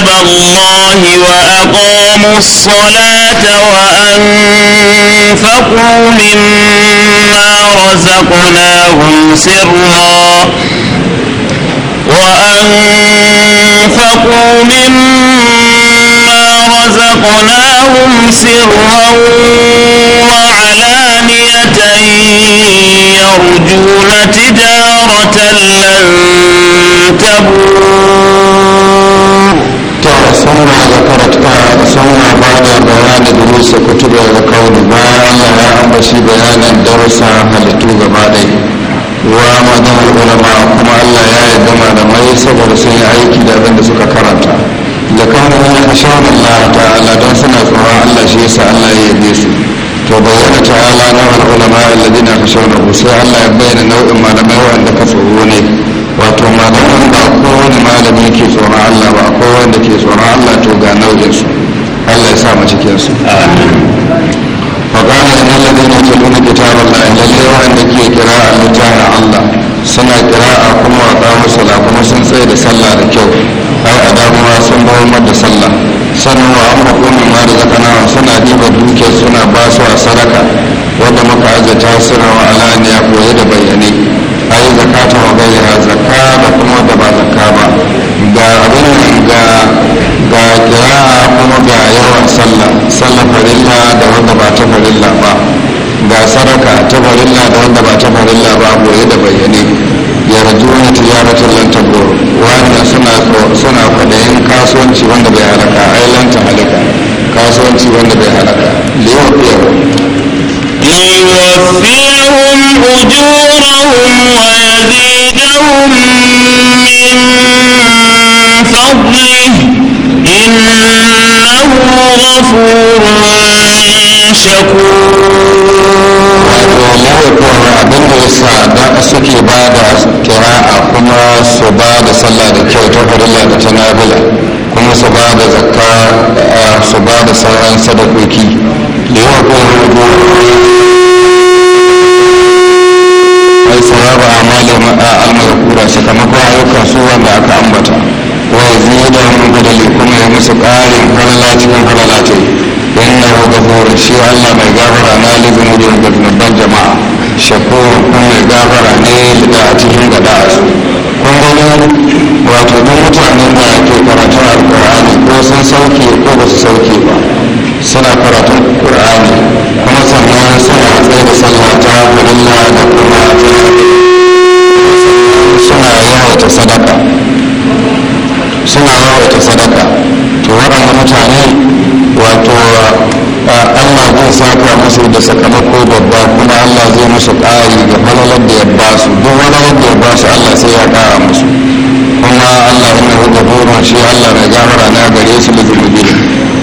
كتاب الله وأقاموا الصلاة وأنفقوا مما رزقناهم سرا وأنفقوا مما رزقناهم سرا وعلانية يرجون تجارة لن تبور sa kutuba da kauni bayan ya ya ambaci bayanin darussa halittu gaba ɗaya wa madan ulama kuma Allah ya yi da malamai saboda sun yi aiki da abin da suka karanta da kauni ya ashan Allah ta'ala don suna tsoron Allah shi yasa Allah ya yi su to bayyana ta'ala na ulama alladina khashawnahu sai Allah ya bayyana nau'in malamai wanda ka tsoro ne wato malaman ba kowane malami ke tsoron Allah ba wanda ke tsoron Allah to ga nau'in su Allah ya sa mu cikin su faqala innal ladina yatluna kitaballahi lalle wanda ke kira al-mutana Allah suna kira a kuma wa musu da kuma sun tsaye da sallah da kyau ai damuwa sun bawar da sallah sannan wa amma kuma ma da zakana suna diba duke suna ba su a sadaka wanda muka azata suna ne alaniya koyi da bayyane ai zakatu wa gaira zakka da kuma da ba zakka ba ga abin ga ga kira kuma ga yawan sallah sallah farilla da wanda ba ta farilla ba ga sadaka ta farilla da wanda ba ta farilla ba goye da bayyane yarjuna tijaratan lan tabur wanda suna suna kwadayin kasuwanci wanda bai halaka ai lan ta halaka kasuwanci wanda bai halaka liyafiya ليوفيهم أجورهم ويزيدهم من فضله إنه غفور شكور suke ba da kira'a kuma su ba da sallah da kyau ta farilla da ta nabila kuma su ba da zakka su ba da sauran sadakoki da yawa kuma ai sawaba amalin almazkura sakamakon ayyukan su wanda aka ambata wa yazida min badali kuma ya musu ƙarin halala cikin na innahu ghafurun shi Allah mai gafara na lizumu da babban jama'a shakur kuma mai gafara ne da a cikin gada a su kun gani wato duk mutanen da ke karatun alkur'ani ko sun sauke ko ba su sauke ba suna karatun ƙur'ani kuma sannan suna tsaye da sallata ta da kuma suna yawaita sadaka suna yawaita sadaka to waɗanda mutane wato allah zai saka musu da sakamako babba kuma allah zai musu ƙari ga falalar da ya basu duk wani da ya basu allah sai ya ƙara musu kuma Allah yana da goma shi Allah mai gafara na gare su da zunubi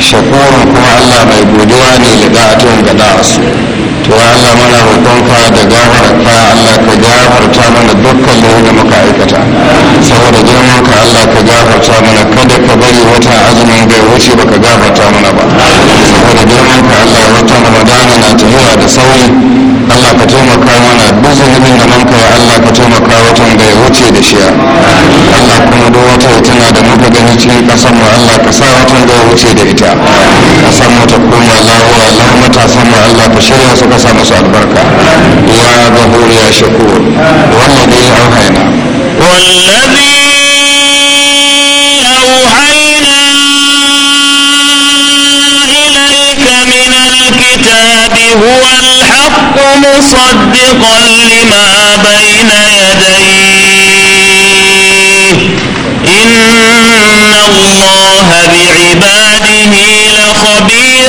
shakurun kuma Allah mai godiya ne da da'atun ga da'asu to Allah mana roƙonka da gafara ka Allah ka gafarta mana dukkan da muka aikata saboda girman ka Allah ka gafarta mana kada ka bari wata azumin bai wuce baka gafarta mana ba saboda girman ka Allah wata Ramadana na tafiya da sauri Allah ka taimaka mana duk zunubin da manka Allah ka taimaka watan bai wuce da shiya Allah kuma duk wata hotuna da muka gani cikin kasar mu Allah ka sa watan da wuce da ita kasar mu ta koma lawa Allah matasan mu Allah ka shirya su ka sa musu albarka ya gafur ya shakur wallazi auhayna wallazi auhayna ilayka min alkitabi huwa alhaqqu musaddiqan lima bayna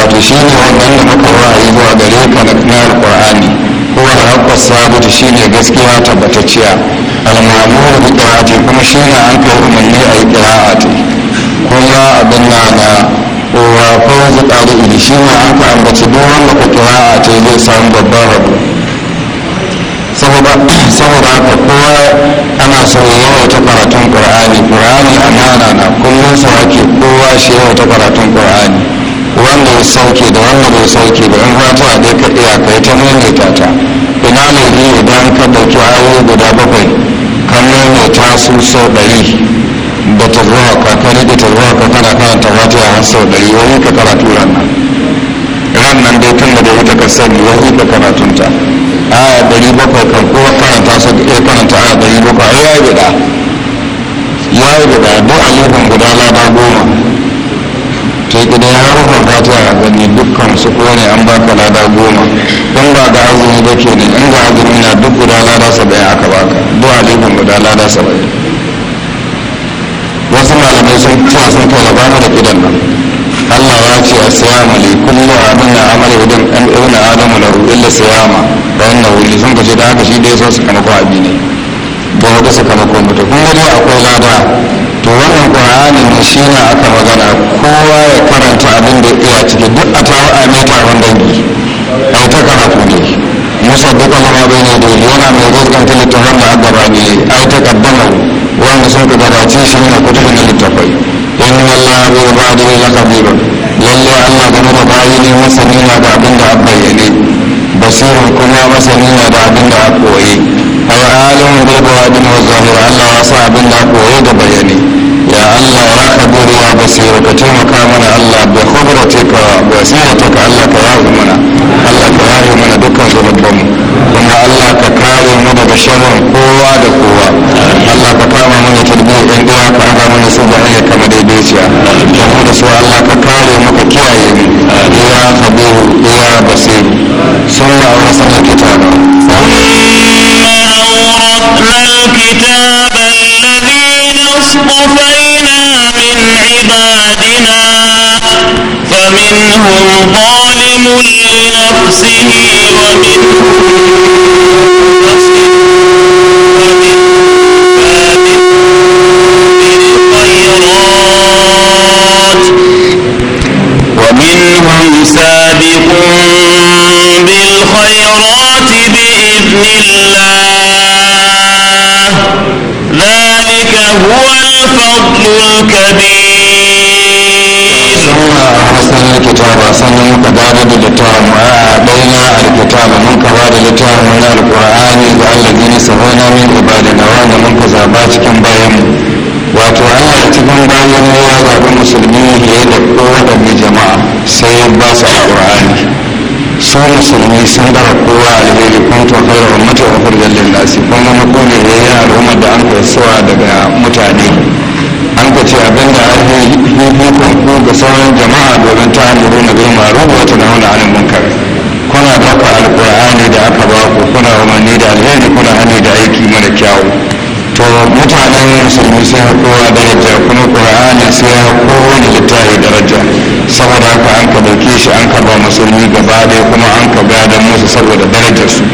wato shi ne wannan da muka wa'ayi zuwa gare ka na alƙur'ani ko alhaƙar sabuta shi ne gaskiya tabbatacciya almamuru da ƙira'ati kuma shi ne an kai umarni a yi ƙira'ati kuma abin na na wa wasu ƙari ili shi ne an ka ambaci duk wanda ku ce zai samu babban rabu saboda ka kowa ana so ta karatun ƙur'ani ƙur'ani amana na kullum sa ake kowa shi ta karatun ƙur'ani wanda ya sauke da wanda bai sauke da in a dai kaɗe a kai ta maimaita ta ina ne laifi idan ka ɗauki ayoyi guda bakwai ka ta su sau ɗari da ta zuwa ka ka rike ta zuwa ka kana karanta a har sau ɗari wani ka karatu ran nan dai tun da da wuta ka sani wani ka karatunta aya ɗari bakwai kan kowa karanta su iya eh, karanta aya ɗari bakwai ya yi guda ya yi guda duk alifin guda lada goma ta yi ƙidan harufan fatiha a gani dukkan su kowane an baka lada goma don ba ga azumi ba ke ne in ga azumi na duk guda lada saba'in aka baka duk alifin guda lada saba'in wasu malamai sun cewa sun kai labana da ƙidan nan Allah ya ce a siyama li kullu abin da amala idan an ibn adamu lahu siyama fa innahu sun kace da haka shi dai so su kama ko abi ne to ga sakamakon mutum kuma dai akwai lada to wannan qur'ani ne shi ne aka magana kowa ya karanta abin da ya cike duk a tawo a mai taron dangi ai ta karatu ne musa duka ma bai ne da yana mai gaskan ta littafin da aka rabe ai ta kaddama wanda sun ka gabace shi ne kutubin littafai in Allah bai ba da ya kabirun lalle Allah game da bayi ne masani na da abin da abba ya ne basirin kuma masani na da abin da a koyi aw alim bil bawadin wa zahir Allah ya sa abin da koyo da bayani ya Allah ya ka buru wa basira ka taimaka mana Allah bi khudratika wa ka Allah ka yaro mana Allah ka yaro mana dukkan zunuban kuma Allah ka kare mu daga sharrin kowa da kowa Allah ka kama mana tarbiyyar in uwa ka haɗa mana su da hanyar kama daidaiciya kuma da su Allah ka kare mu ka kiyaye mu ya habibu ya basiru sun ba wani sanar kitaba وأورثنا الكتاب الذين اصطفينا من عبادنا فمنهم ظالم لنفسه ومنهم musulmi sun ba kowa alheri kuntu khairu ummati ukhrijat lin nasi kuma zama ko ne yayin al'ummar da an kwaisuwa daga mutane an ka ce abin da an yi hukun ku ga sauran jama'a domin ta amuru na bil ma'ruf wa tanhauna 'anil munkar kuna kafa alqur'ani da aka ba ku kuna umarni da alheri kuna hani da aiki mara kyawu to mutanen musulmi sai ya kowa daraja kuma ƙura'ani sai ya kowane littafi daraja saboda haka an ka dauke shi an ka ba musulmi gaba ɗaya kuma an ka gada musu saboda darajarsu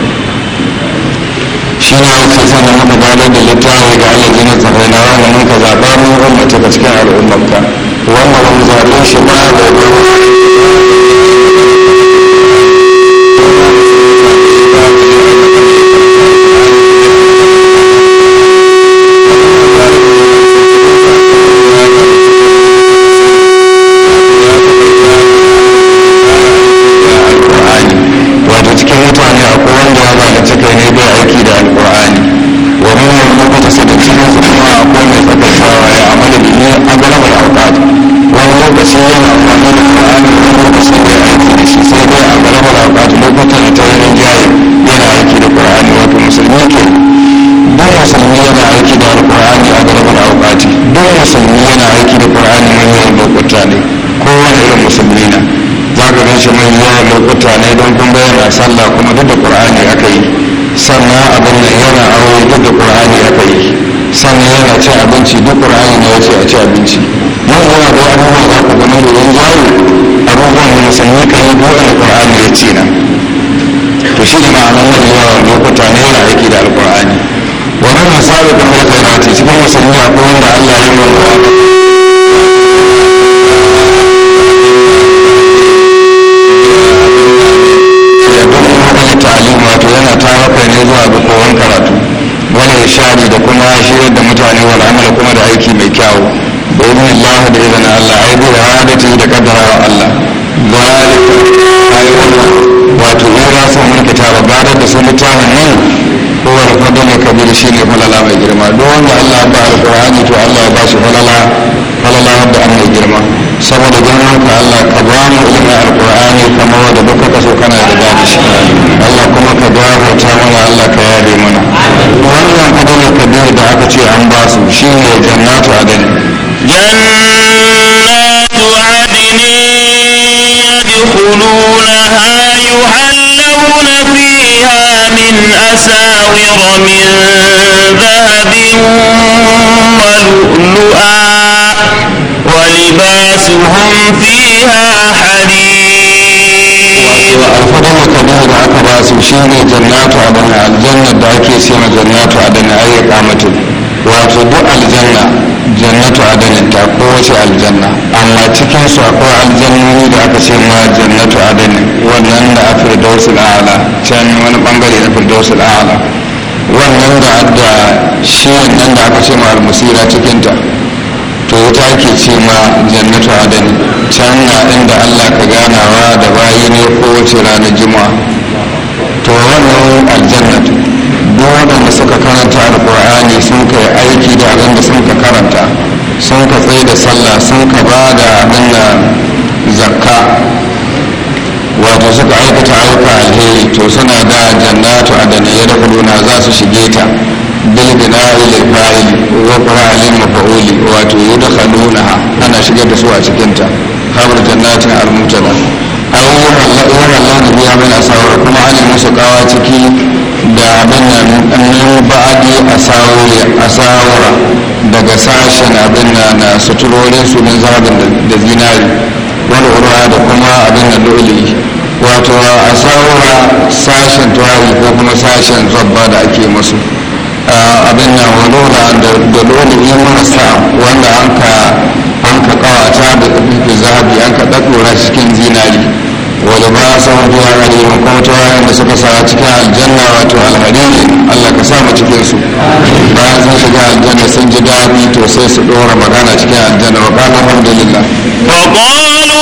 shi ne ce sanar maka gada da littafi ga allah jini tsafaina wanda mun ka zaɓa mun ummata ga cikin al'ummarka wannan wani zaɓe shi ba da shi manyan lokuta ne don kun bayyana sallah kuma duk da ƙur'ani aka yi sannan abin nan yana aure duk da ƙur'ani aka yi sannan yana cin abinci duk ƙur'ani ne ya ce a ci abinci nan yana da abubuwan da aka gani da yin jawo abubuwan da musamman kan yi duk da ƙur'ani ya ce na to shi ne ma'anar wani yawan lokuta ne yana aiki da alqur'ani wannan misali kuma ya ce cikin musulmi akwai wanda Allah ya yi mutane zuwa ga koyon karatu wani ishari da kuma shirar da mutane wal amala kuma da aiki mai kyawu da ibn Allah da ibn Allah ai bi iradati da qaddara Allah zalika ai wannan wato ira sun mun kitaba gadar da su mutane nan ko wal fadl kabir shine falala mai girma don wanda Allah ba alqur'ani to Allah ya bashi falala falala da an mai girma saboda girman ka Allah ka ba mu ilimin alqur'ani kamar wanda duka ka so kana da dadi shi Allah kuma ka gafarta mana Allah ka yabe mana wannan fadlan kabir da aka ce an ba su shine jannatu adani jannatu adani yadkhulunaha yuhallawna fiha min asawir min shine jannatu jannatu adana aljanna da ake ce na jannatu adana ayyar kamatu wato duk aljanna jannatu adana ta kowace aljanna amma cikin su akwai aljannoni da aka ce ma jannatu adana wannan da a firdausul la'ala can wani bangare na firdausul la'ala wannan da adda shi wannan da aka ce ma almusira cikinta to wuta ake ce ma jannatu adana can na inda allah ka ganawa da bayi ne kowace ranar juma'a to wannan aljanna duk waɗanda suka karanta alkur'ani sun kai aiki da abin da sun ka karanta sun ka tsaye da sallah sun ka ba da abin da zakka wato suka aikata aika alheri to suna da a adana ya dakuluna za su shige ta bil bina'i lil fa'il wa qura'il mafa'uli wato yudkhaluna ana shigar da su a cikinta ta jannatin al a wurin launi biya mai asawar kuma an nemi su kawa ciki da abin nan min ba'adi asawara daga sashen abin nan na suturorin su min zarabin da zinari wani urwa da kuma abin nan loli wato asawara sashen tuwari ko kuma sashen zabba da ake masu abin na walora da ne marasa wanda an ka an ka kawata da da zabi an ka ɗaɗɗora cikin zinari wadda ba sa wajen alhari kuma ta da suka sa cikin aljanna wato alhari allah ka sa mu cikin su bayan sun shiga aljanna sun ji daɗi to sai su ɗora magana cikin aljanna wa ba alhamdulillah wa alhamdulillah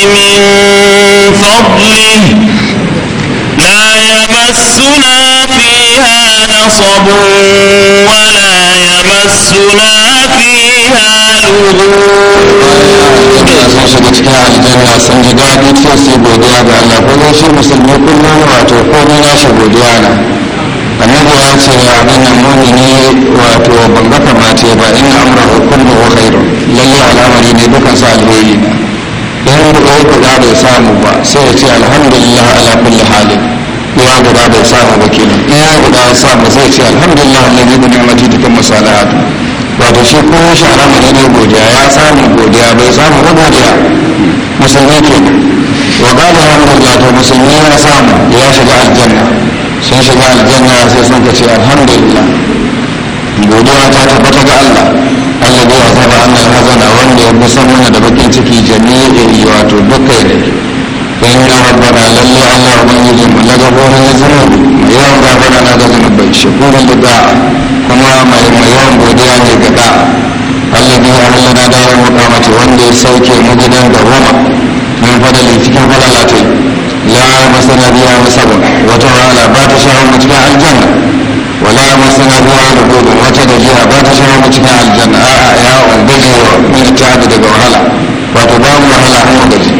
من فضله لا يمسنا فيها نصب ولا يمسنا فيها لغوب annabi ya ce ya abin nan mumini wato ban ga kamata ba in amra hukum da khairun lalle al'amari ne dukan sa alheri ne in guda guda bai samu ba sai ya ce alhamdulillah ala kulli halin ya guda bai samu ba kenan in ya guda ya samu sai ya ce alhamdulillah alladhi bi ni'mati tatammu salihatu wato shi ko shi alama ne ne godiya ya samu godiya bai samu ba godiya musulmi kenan wa qala alhamdulillah to musulmi ya samu ya shiga aljanna sun shiga aljanna sai sun ce alhamdulillah godiya ta tabbata ga Allah alladhi azaba anna hazana wanda ya busan mana da bakin ciki jami'i wato duka ne in ya rabbana lalle Allah ubangiji mu na gaborin ya zama mai yawan da na ga zunubai shakurin da da'a kuma mai yawan godiya ne ga da'a alladhi ahallana daren mukamati wanda ya sauke mu gidan da roma min fadali cikin falalatai ya masana biya musabun wata wahala ba ta sha'awar cikin aljanna ta gajiya ba ta shiga cikin aljanna a ya ubangiji min tabi daga wahala wato babu wahala a an gaji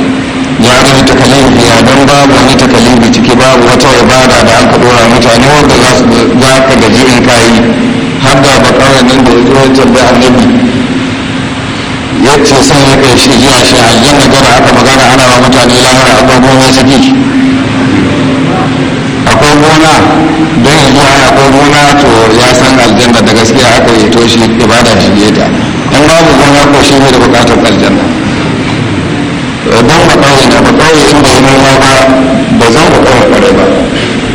ya ta kalibi ya don babu wani kalibi ciki babu wata ibada da aka dora mutane wanda za su ga ka gaji in ka yi har da kawai nan da zuwa da annabi yace sai ya kai shi ya shi aljanna gara aka magana ana wa mutane lahara abubuwan saki ko gona don ya ji haya ko gona to ya san aljanna da gaskiya aka yi to shi ibada shi ne ta in babu gona ko shi ne da bukatar aljanna don ba kawai na ba kawai in bai noma ba ba zan ba kawai kware ba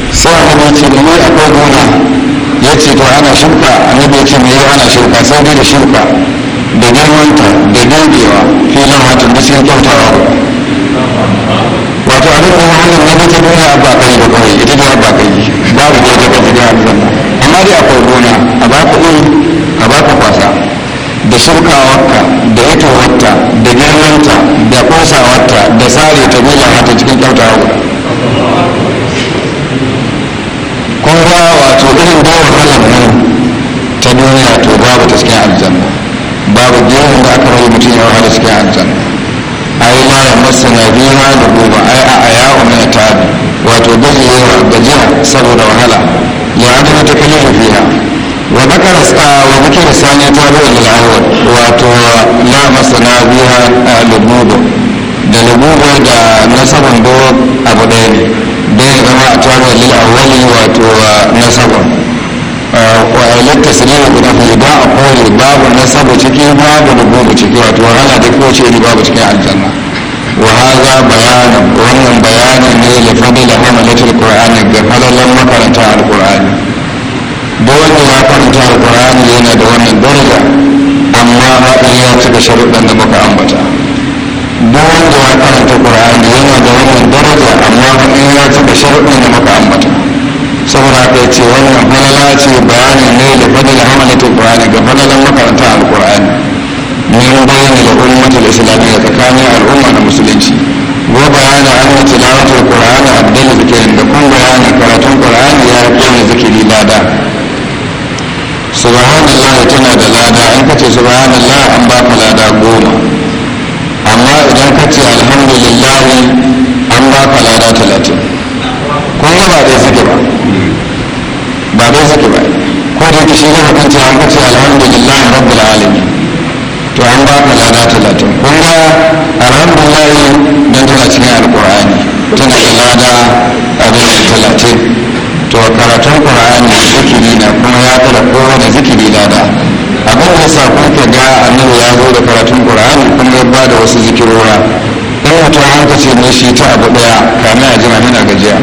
sai annabi ce a akwai gona ya ce to ana shirka annabi ce me ana shirka sai dai da shirka da girmanta da girbewa filin watan da cikin kyautawa wato a rikon hannun na mace duniya ba kai ba kawai ita duniya ba kai babu ko ta kaji duniya ba amma dai akwai gona a ba ku uri a ba ku kwasa da shirkawarka da yatowarta da girmanta da kwasawarta da sare ta gula ta cikin kyauta guda Kuma ga wato irin gawar halar nan ta duniya to babu ta cikin aljanna babu girman da aka rayu mutum ya wahala cikin aljanna ai mara masana biyu biha da goma ai a ayahu min ta wato da gajiya saboda wahala ya adama ta kalli biya wa sa wa zakara sani tabi'u da awwal wato la masana a lububu da lububu da nasabun do abu daya ne dai zama a tabi'u lil awwali wato nasabun wa'ailar tasirina guda riba a kore babu na nasabu ciki babu da rububu ciki wato wahala ta kowace iri babu cikin aljanna wa bayanin wannan bayanin ne ya fadi da hamalatul qur'ani da falalan makaranta alqur'ani duk ya karanta alqur'ani yana da wannan daraja amma haɗin ya cika sharuɗan da muka ambata duk wanda ya karanta qur'ani yana da wannan daraja amma haɗin ya cika sharuɗan da muka ambata saboda haka ya ce wannan falala ce bayanin ne da fadil hamalatul qur'ani ga fadalan makaranta alqur'ani min bayani da ummatul islamiyya tsakanin al'umma da musulunci wa bayani anna tilawatul qur'ani abdul zikirin da kun bayani karatun qur'ani ya kowane zikiri lada subhanallah tana da lada in ka ce subhanallah an ba ka lada goma amma idan ka ce alhamdulillah an ba ka lada talatin ko ya ba dai suke ba ba dai suke ba ko da yake shi yana kan cewa kace alhamdulillah rabbil alamin to an ba ka lada talatin kun ga alhamdulillah dan tana cikin alqur'ani tana da lada abin talatin to karatun qur'ani zikiri na kuma ya tara kowane zikiri lada abin da yasa kun ka ga annabi ya zo da karatun qur'ani kun ga ba da wasu zikirora in mutum hankali ne shi ta abu daya kamin a jira muna gajiya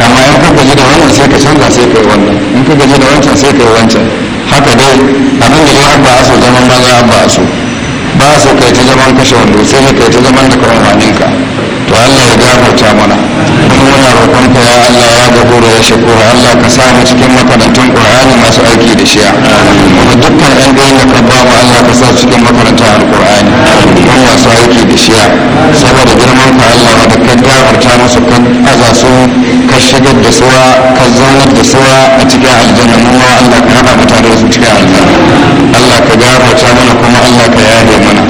amma in ka gaji da wannan sai ka canza sai ka yi wannan in ka gaji da wancan sai ka yi wancan haka dai abin da ya ba so zaman maza ba so ba so kai ta zaman kashe wando sai ne kai ta zaman da kawai haninka to Allah ya gafarta mana kuma muna roƙonka ya Allah ya gabura ya shakura Allah ka sa mu cikin makarantun Qur'ani masu aiki da shi kuma dukkan ɗan ɗayan da ka ba mu Allah ka sa cikin makarantun Al-Qur'ani kuma masu aiki da shi saboda girman ka Allah da musu ka aza su ka shigar da suwa ka zaunar da suwa a cikin aljanna mu ma Allah ka hada mutane su cikin aljanna Allah ka gafarta mana kuma Allah ka yaye mana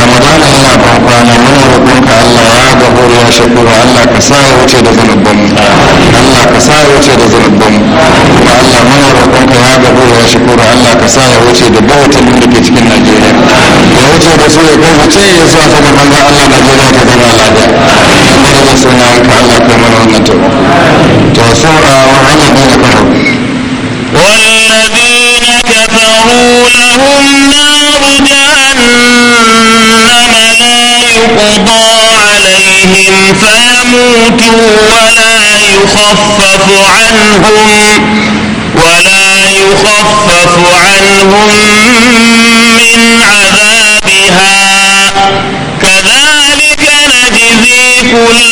Ramadan Allah ban kwana muna roƙon ka Allah ya gafuru ya shakuru Allah ka sa ya wuce da zanubban Allah ka sa ya wuce da zanubban kuma Allah mana roƙon ka ya gafuru ya shakuru Allah ka sa ya wuce da bawatan da ke cikin Najeriya ya wuce da su ya kai ce ya sa saboda manzo Allah Najeriya ta zama lafiya. mana haka Allah والذين كفروا لهم نار جهنم لا يقضى عليهم فيموتوا ولا يخفف عنهم ولا يخفف عنهم من عذابها كذلك نجزي كل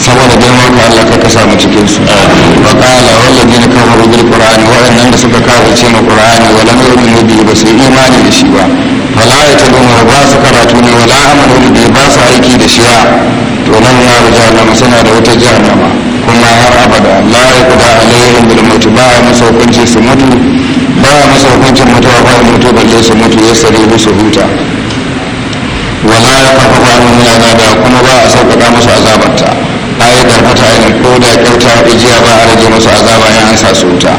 saboda girman ka Allah ka kasa mu cikin su wa qala walladina kafaru bil qur'ani wa annan da suka ce ma qur'ani wa lam yu'minu bihi ba su imani da shi ba wala yataduna ba su karatu ne wala amalu bi ba su aiki da shi ba to nan ya ruja na suna da wata jahannama kuma har abada la da alaihim bil maut ba musu hukunci su mutu ba musu mutu ba mutu balle su mutu ya sare huta wala ya kafa ba mun yana da kuma ba a sauƙaƙa musu azabarta ayi da mutane ko da kyauta ijiya ba a rage musu azaba ya an sa su wuta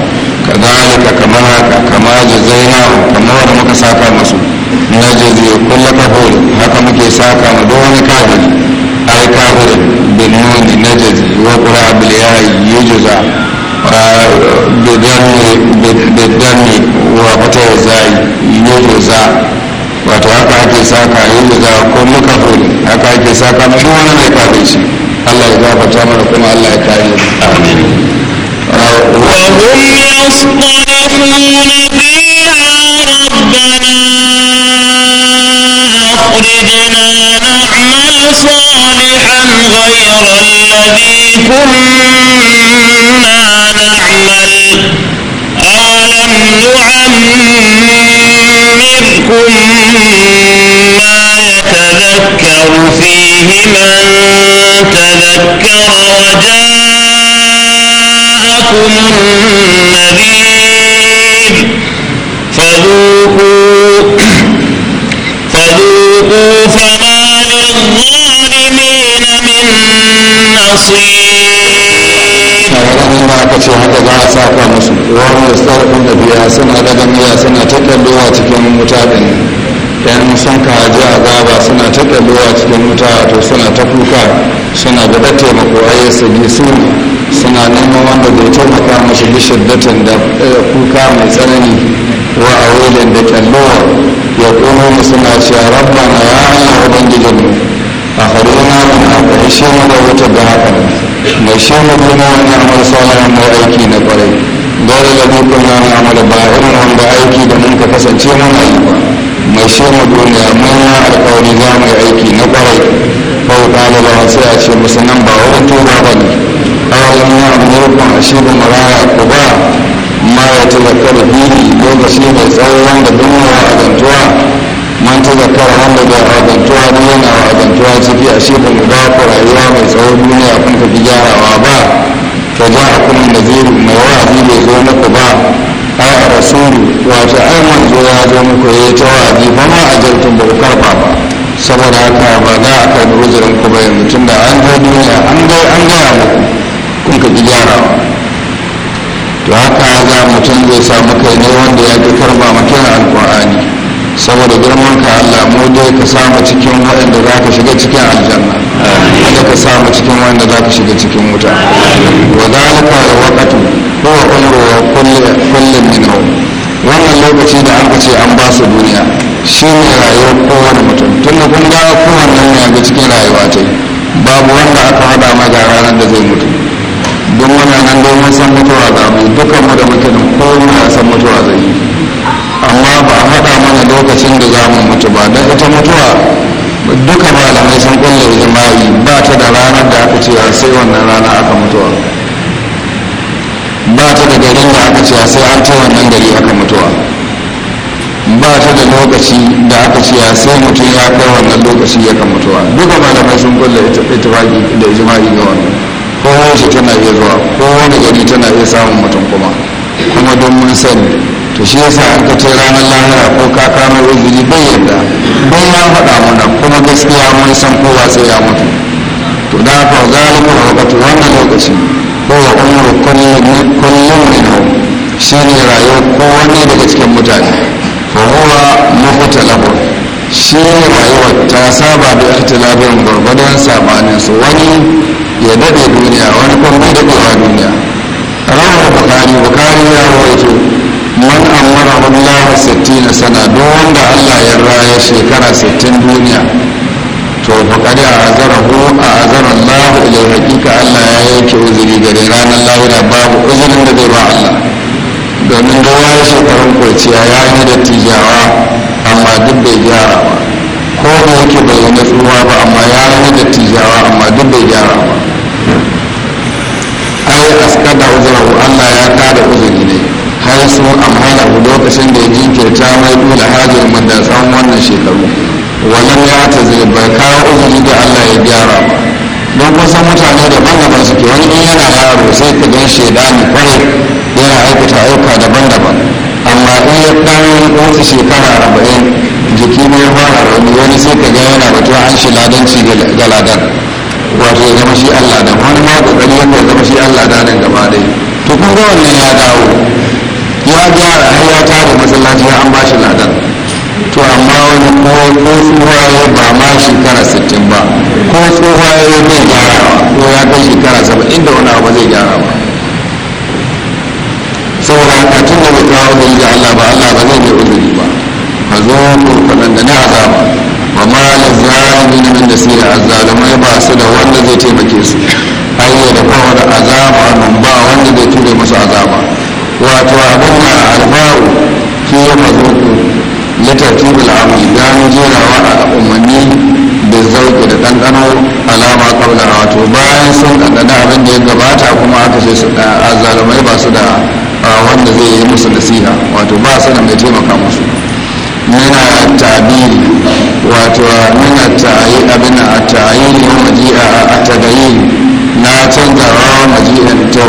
ka zalika kamar haka kama na kamar wanda muka saka masu na jaziyo kulla kafori haka muke saka ma duk wani kafiri ai kafirin bin na jazi wa kura yi juza yujuza bidanni wa ya zai juza wato haka ake saka yi juza ko muka kafiri haka ake saka ma duk wani mai shi. الله ya gafarta mana kuma امين وهم يصطرخون فيها ربنا أخرجنا نعمل صالحا غير الذي كنا نعمل أولم نعمل منكم ما يتذكر فيه من تذكر وجاءكم النذير فذوقوا فذوقوا فما للظالمين من نصير waɗannan da aka ce haka za a saka musu wani sarrafin da biya suna daga miya suna ta kallowa cikin wuta ɗin yan sun ka a gaba suna ta kallowa cikin wuta to suna ta kuka suna da da taimako a yasa su suna neman wanda zai taimaka mashi bishirdatin da kuka mai tsanani wa a wajen da kallowa ya kuma suna cewa rabbana ya Allah ubangijinmu a harina mun a ƙarshen da da haka mai shirya kuma wani amal salihan mai aiki na kwarai dole da dukkan wani amal ba irin wanda aiki da mun ka kasance mana yi ba mai shirya duniya ya alkawari za mu aiki na kwarai kawai ɗaliba sai a ce musu nan ba wani tura ba ne awalin ya murkun a shirin maraya ko ba ma ya tilakar fili lokaci mai tsawon da duniya a gantuwa man ta zakara hannu da adantuwa ne yana adantuwa ciki a shekar da ba ku rayuwa mai tsawon duniya kun fi gyarawa ba ka ja a kuma naziru mai wa'azi bai zo muku ba ai a rasulu wato ai zo ya zo muku ya yi ta wa'azi ba ma ajaltun ba ku karfa ba saboda haka ba za a kai uzurin ku ba yanzu tunda an ga duniya an ga an gaya muku kun ka fi gyarawa to haka za mutum zai samu kai ne wanda ya ji karba mutum alkur'ani saboda girman ka Allah mu dai ka samu cikin waɗanda za ka shiga cikin aljanna kada ka samu cikin waɗanda za ka shiga cikin wuta wa zalika alwaqtu huwa umru wa kullun minhu wannan lokaci da an ce an ba su duniya shine rayuwar kowane mutum tun da kun ga kowanne ne ga cikin rayuwa ta babu wanda aka hada ma ga ranar da zai mutu don wannan nan don san mutuwa za mu dukkan mu da muke nan kowa san mutuwa zai yi amma ba a faɗa mana lokacin da za mu mutu ba don ita mutuwa duka malamai sun kulle jima'i ba ta da ranar da aka ce sai wannan rana aka mutuwa ba ta da garin da aka ce sai an ta wannan gari aka mutuwa ba ta da lokaci da aka ce sai mutum ya kai wannan lokaci ya kan mutuwa duka malamai sun kulle itifaki da jima'i ga wannan kowace tana iya zuwa kowane gari tana iya samun mutum kuma kuma don mun sani to shi yasa an ka ce ranar lahira ko ka kama ubangiji bai yadda bai ya faɗa mana kuma gaskiya mun san kowa sai ya mutu to da haka zalika wakati wannan lokaci ko ya umru kullum min hau shi ne rayuwar kowanne daga cikin mutane fa huwa mafuta shi ne rayuwar ta saba da ihtilabin gwargwadon sabanin su wani ya dade duniya wani kuma bai daɗewa duniya rawar bukari bukari ya rawaito man amara wallahu na sana don wanda Allah ya raya shekara 60 duniya to fakari a azarahu a azara Allah ilai hakika Allah ya yanke uzuri gare ranar lahira babu uzurin da zai ba Allah domin da yi shekarun kwanciya ya yi da tijawa amma duk bai gyara ba ko da yake bai yi tsuwa ba amma ya yi da tijawa amma duk bai gyara ba ai da uzurahu Allah ya kada uzuri ne har su amma na lokacin da ya jinkirta mai dole hajar mu da tsawon wannan shekaru wannan ya ta zai bai kawo uzuri da allah ya gyara ba don kusan mutane daban-daban suke wani in yana yaro sai ka gan sheda ne kwarai yana aikata ayyuka daban-daban amma in ya ɗan wata shekara arba'in jiki ne ya fara rauni wani sai ka ga yana batu an shi ladanci ga ladan wato ya zama shi allah da wani ma ƙoƙari yadda ya zama shi allah da nan gaba ɗaya to kun ga wannan ya dawo ya gyara har ya da masallaci an ba shi ladan to amma wani ko tsohuwaye ba ma shekara 60 ba ko tsohuwaye gyara ba ko ya kai shekara 70 da wani abu zai gyara ba saboda haka tun da mutuwa wani ga Allah ba Allah ba zai mai uzuri ba a zo kurkunan da na azaba ba ma da zalimi na min da azaba mai ba su da wanda zai taimake su ayyana da azaba nan ba wanda zai ture musu azaba wato abu da tartibul amri gano jerawa a umarni da zauki da ɗanɗano alama kabla wato bayan sun ɗanɗana abin da ya gabata kuma aka ce azzalumai ba su da wanda zai yi musu nasiha wato ba su da mai taimaka musu nuna tabiri wato nuna ta'ayi abin a ta'ayi ne maji'a a tagayi na canza rawa maji'in to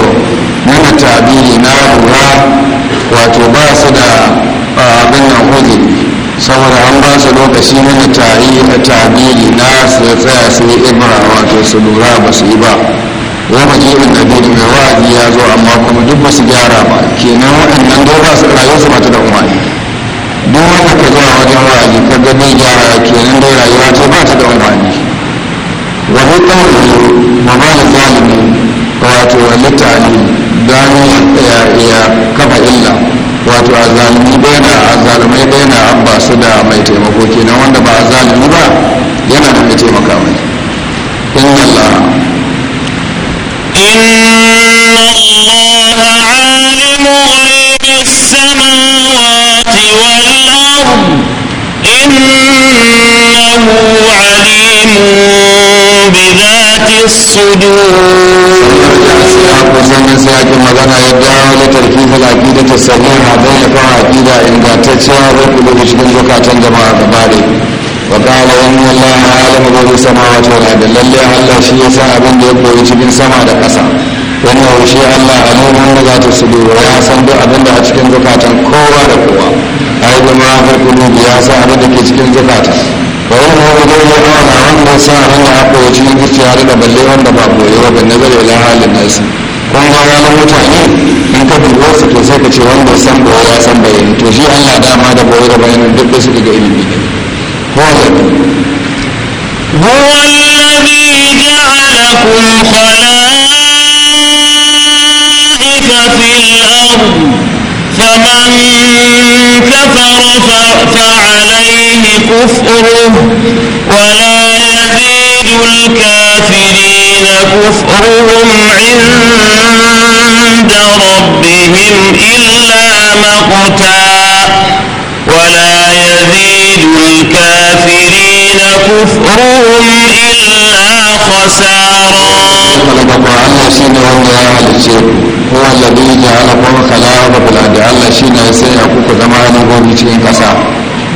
nuna tabiri na lura wato ba su da abin nan hujjiri saboda an ba su lokaci na da tarihi na tabiri na su tsaya su yi ibra wato su lura ba su yi ba wa makirin da bai mai wa'azi ya zo amma kuma duk ba su gyara ba kenan waɗannan dole su rayu su mata da umarni duk wanda ka zuwa wajen wa'azi ka ga bai gyara kenan dai rayuwa ce ba ta da umarni wa hukun ma ba da zalimi wato littani gano ya kafa illa wato azalimi bai na azalimai bai na an ba su da mai taimako kenan wanda ba azalimi ba yana da mai taimaka mai inna Allah inna Allah alimu ghaibi samawati wal ard innahu alimun بذات الصدور وقال ان الله عالم غيب السماوات والارض لله الله شي يسا abin da ya koyi cikin sama da ƙasa wani wa shi Allah alimun da za ta sudur ya san duk abin da a cikin zukatan kowa da kowa ai da ma fa ya san abin da ke cikin zukatan wa yana da sa hanya a ɓoye jini biki yare da balle wanda ba ɓoye wa bin nazar ila halin nasi kun ga ranar mutane in ka dubi wasu to sai ka ce wanda san ɓoye ya san bayani to shi allah dama da ɓoye da bayani duk da su daga ilimi ne هو الذي جعلكم خلائف في الأرض فمن كفر فعليه كفره ولا يزيد الكافرين كفرهم عند ربهم إلا مقتا ولا يزيد الكافرين كفرهم إلا خسارا هو الذي جعلكم خلائق الأرض الله شينا يسير كما زمان وبوك cikin kasa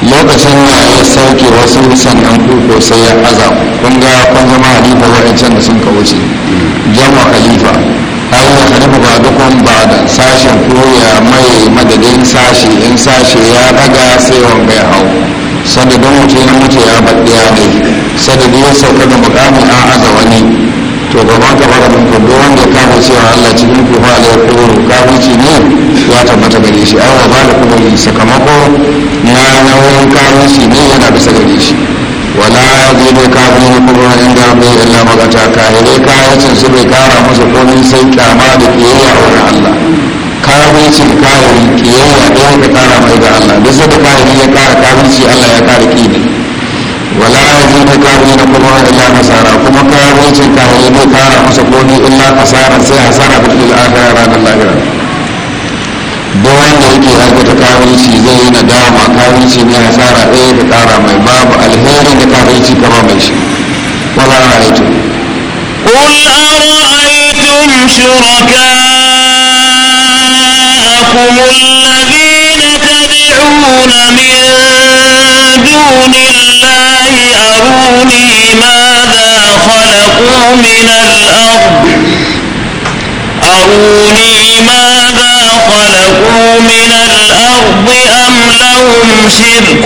lokacin da ya sauke wasu sannan kuku sai ya aza kun ga kun zama halifa waɗancan da sun ka wuce jama halifa ai halifa ba dukkan ba da sashen koya mai madadin sashe in sashe ya daga sai wanga ya hau sadadin mutu ya mutu ya baɗi ya dai sadadin ya sauka da mukamin an aza wani to ba ta ka fara mun kudu wanda ya kama cewa Allah ci cikin ku ya da kuburu kafinci ne ya tabbata gare shi a an ba da yi sakamako na nauyin kafinci ne yana bisa gare shi wala zai bai kafin ne kuma wani da mai illa magata kahirai kayancin su bai kara musu komai sai kyama da kiyayya a wurin Allah kafircin kayan kiyayya da ya kara mai da Allah duk da kayan ya kara kafirci Allah ya kara kini wala yazidu kafirin kuma illa nasara kuma kafircin kafirin bai kara masa komi illa kasara sai hasara bil akhirah ranar lahira duk wanda yake aikata kafirci zai yi nadama kafirci ne hasara ɗaya da kara mai babu alherin da kafirci kama mai shi wala ra'aytu قل أرأيتم شركاءكم الذين تدعون من دون الله أروني ماذا خلقوا من الأرض أروني ماذا خلقوا من الأرض أم لهم شرك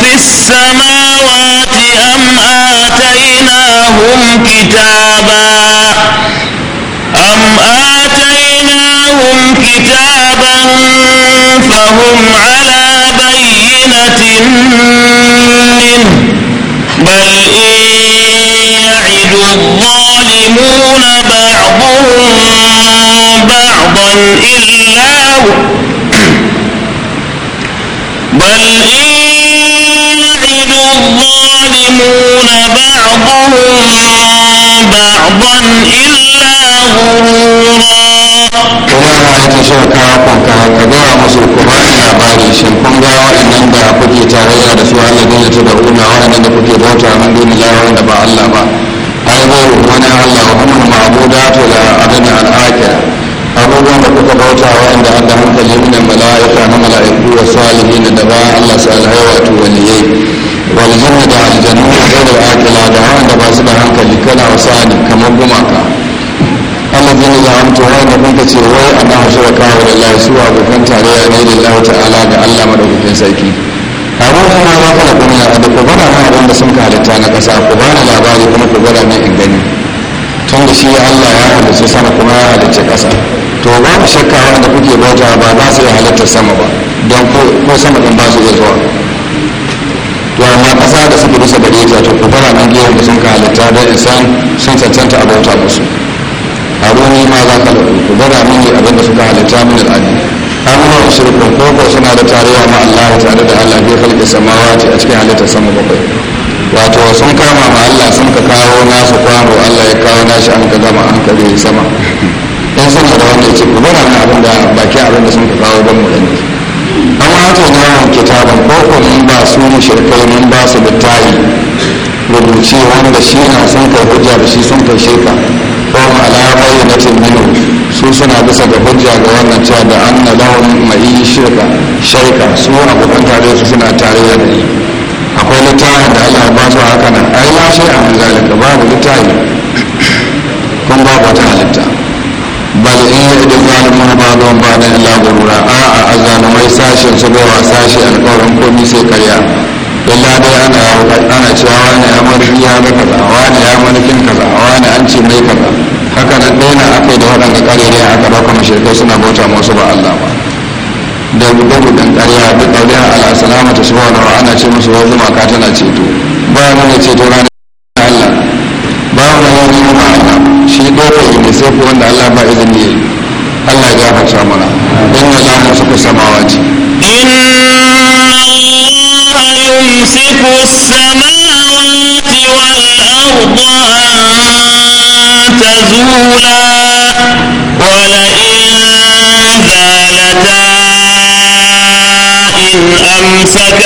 في السماوات أم آتيناهم كتابا أم آتيناهم كتابا فهم على ببينة منه بل يعد الظالمون بعضهم بعضا إلا بل يعد الظالمون بعضهم بعضا إلا غرورا kuma na yake shirka kunka ka gaya musu ku ba ni labari shin kun ga waɗannan da kuke tarayya da su Allah don ya da una waɗannan da kuke bauta min duni lawan da ba Allah ba ai bai wani Allah wa kuma ma'buda to la adana al abubuwan da kuka bauta waɗanda an da hankali minan mala'ika na mala'iku wa salihin da ba Allah salihai wato waliyai wal jinni da aljannu da da akila da wanda ba su da hankali kana wasani kamar gumaka alladin da zamanta da kuka ce wai a na shirka kawo da Allah su abokan tarayya ne da Allah ta'ala ga Allah madaukakin sarki abun kuma ba kala kuma da ku gwada na abin da sun ka halitta na ƙasa ku ba ni labari kuma ku gwada min in tun da shi Allah ya halicci sama kuma ya halicci ƙasa to ba mu shakka wanda kuke bauta ba za su iya halittar sama ba don ko sama din ba su iya zuwa to amma ƙasa da suke bisa gare ta to ku gwada min gehen da sun ka halitta don insan sun cancanta a bauta musu a ruhi ma za ka lafi ku gwada mini da suka halitta min al'adu amma wa shirkun koko suna da tarewa ma Allah tare da Allah bai samawa ce a cikin halittar sama bakwai wato sun kama ma Allah sun ka kawo nasu kwano Allah ya kawo nashi an ka gama an ka bai sama in suna da wanda ce ku gwada mini da baki abin da sun ka kawo don mu dani an wato na yawan kitabin koko mun ba su shirkai mun ba su littafi rubuce wanda shi na sun kai hujja da shi sun kai sheka. fahim alamai na timminu su suna bisa ga hujja ga wannan cewa da an na lahun mai shirka shaika su abokan tare su suna tarayya da ni akwai littafin da allah ba su haka nan ai ya shi a zalika babu littafi kun ba babu ta. halitta bal in ya idan zalimin ba don ba da illa gurura a'a a mai sashen su bai wa alƙawarin alkawarin komi sai karya illa dai ana ana cewa wani ya mulki ya ga kaza wani ya mulkin kaza wani an ce mai kaza haka nan dai na akai da waɗanda ƙarere aka ɗauka mashirkai suna bauta musu ba Allah ba da gudu dan ƙarya duk ɗauriya ala salama ta shiwa da ana ce musu wani maka tana ceto ba mana ceto rana ranar Allah ba mana yau ne ma Allah shi ɗauka yi ne sai wanda Allah ba izini yi Allah ya gafarta mana don ya lamu suka samawa ce.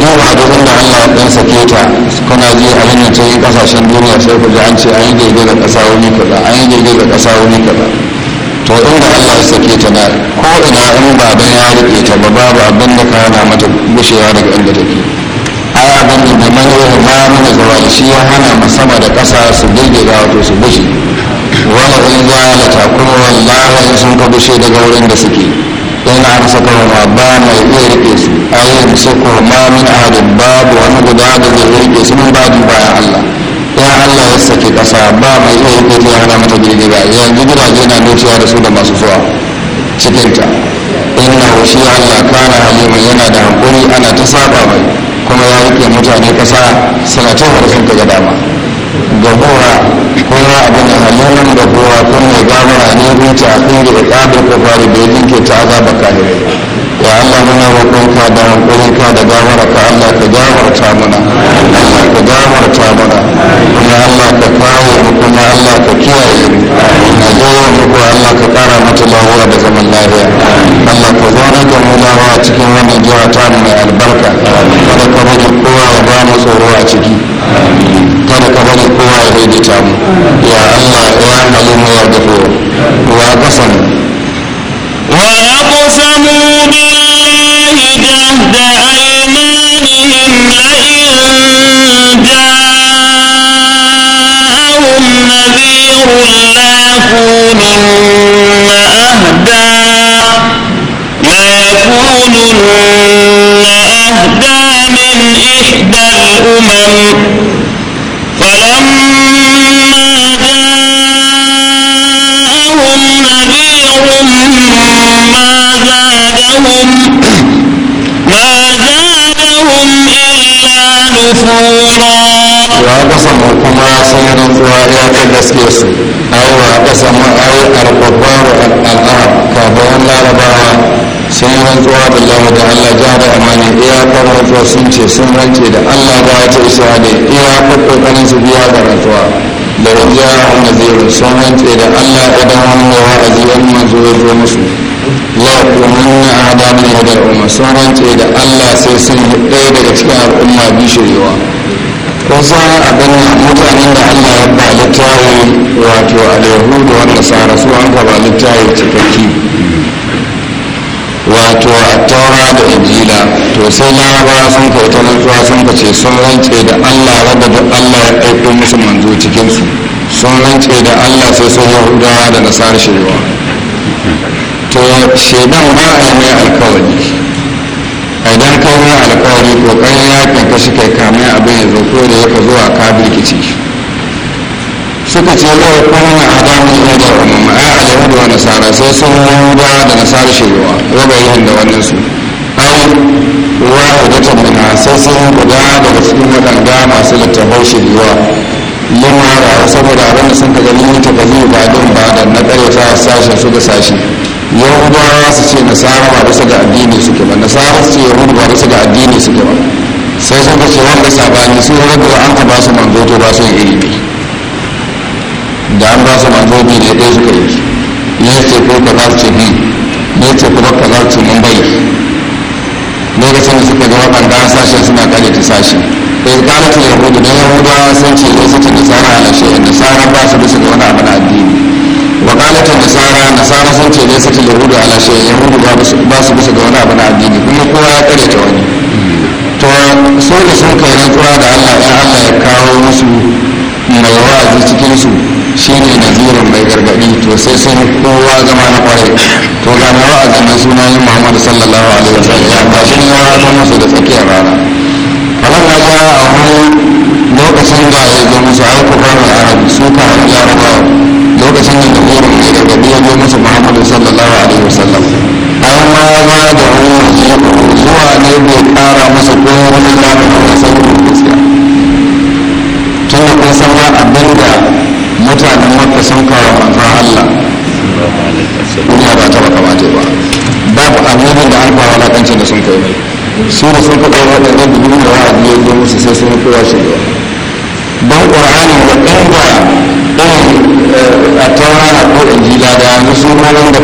ka duba da Allah ya ɗan sake ta kana ji a hanyar ta yi ƙasashen duniya sai ku ji an ce an yi daidai da ƙasa wani kaza an yi daidai da ƙasa wani kaza to inda Allah ya sake ta na ko ina in ba dan ya rike ta ba babu abin da ka hana mata gushewa daga inda take ai abin da da ba ma mana zuwa shi ya hana mu sama da ƙasa su girgiza wato su gushe wani in zalata kuma wallahi sun ka gushe daga wurin da suke yana an saka ma ba mai iya rike su ayin ko ma min ahadin babu wani guda da zai rike su mun bajin bayan Allah ya Allah ya saki kasa ba mai iya rike ya hana mata girgiza yanzu gidaje na nuciya da su da masu zuwa cikinta inna shi Allah kana halima yana da hankuri ana ta saba mai kuma ya rike mutane kasa sanatar da sun ga dama gabura kuma abin da halimin gabora kun mai gamara ne bin ta akin da ikabin kafari da yin ke ta azaba kahirai ya Allah muna roƙonka da hankulinka da gabara ka Allah ka gamarta muna Allah ka gamarta muna kuma Allah ka kawo mu kuma Allah ka kiyaye mu na goyon muku Allah ka kara mata lahura da zaman lafiya Allah ka zauna ka mudawa a cikin wannan jiha ta mai albarka kada ka rage kowa ya ba mu tsoro a ciki mana ka bari kowa ya daidaita mu ya Allah ya malimu ya gafo wa kasam wa aqsamu billahi jahda aymanihim la in ja'ahum nadhirun la yakunu mu kuma sun rantsuwa ya ta gaske su aiwa kasa ma'ai al-babbar al'arab kabawan larabawa sun rantsuwa da lawa da allah ja da amani iya rantsuwa sun ce sun rance da allah ba ta isa ne iyakar kokarin su biya da rantsuwa da rajiya a nazirin sun rance da allah idan wani wa'azi wani manzo ya zo musu na adamun da umar sun rance da allah sai sun ɗaya daga cikin al'umma bishirewa wasu abin mutanen da allah ya ba littayi wato alyahudu wanda sara su an gaba littayi cikakki wato a taura da injila to sai larabawa sun kai ta rantsuwa sun kace sun rance da allah wadda duk allah ya aiko musu manzo cikinsu sun rance da allah sai sun yahudawa da nasarar shirwa to shaidan ba a yi mai alkawari idan ka wani alkawari kokarin yakin ka suka kame abin ya zo ko da yaka zuwa ka birkici suka ce lawa kuma na adamu ne da a ai da wani sara sai sun yahuda da nasara shirwa wanda yin da wannan su ai wa hudata mina sai sun guda daga cikin waɗanda masu littafai shirwa wara saboda abin da sun ka gani ta gani ba don ba da na ta sashen su da sashi yahudawa su ce nasara ba bisa ga addini suke ba nasara su ce yahudu ba bisa ga addini suke ba sai sun ce wanda sabani sun rabu an ka ba su manzo to ba su iri ne da an ba su manzo bi ne ɗaya suka yi ne ce ko ka za ce bi ne ce kuma ka za ce mun bai lokacin da suka ga waɗanda sashen suna kare ta sashi sai kalatin yahudu ne yahudawa sun ce ne su ce nasara a nashe nasara ba su bisa ga wani abu na addini wakalata nasara nasara sun ce ne suke yahudu ala shi yahudu ba su bisa da wani abu na addini kuma kowa ya kare ta wani to so da sun kai rantsuwa da allah ya allah ya kawo musu mai wa'azi cikin su shine nazirin mai gargadi to sai sun kowa zama na kwarai to ga mai wa'azi na sunayen muhammadu sallallahu alaihi wasallam ya ba shi ne da tsakiyar rana a ja'ahum lokacin da ya musu alquran al-arab su ka al-araba lokacin da dukkan ne da gabi ya musu muhammadu sallallahu alaihi wasallam aw ma ma da zuwa ne bai kara masa ko wani lafiya da sauran gaskiya tun da kun san ma abin da mutanen makka sun kawo manzon allah duniya ba ta baka ba babu abin da an ba walakanci da sun kai mai su da sun faɗa waɗannan a da a ya yi musu sai sun kowa shirya don ƙur'anin waɗanda ɗan eh, a taurara ko injila da yanzu sun ma wanda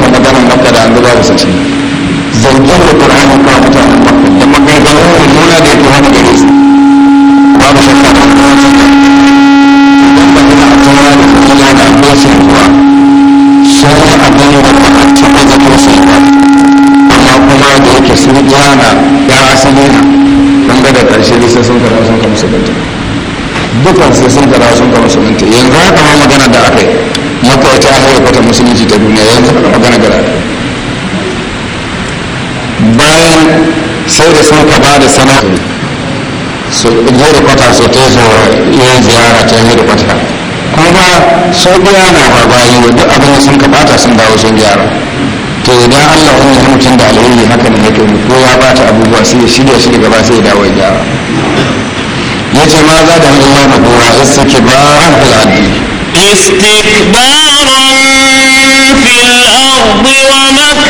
sau biya na barbayi wa duk abin da sun kabata sun dawo sun gyara to idan allah wani ya mutum da alheri haka ne ya tobi ko ya bata abubuwa sai ya shirya shi gaba sai ya dawo gyara ya ce ma za da hanyar na gora isa ke ba har fulani استكبارا في الأرض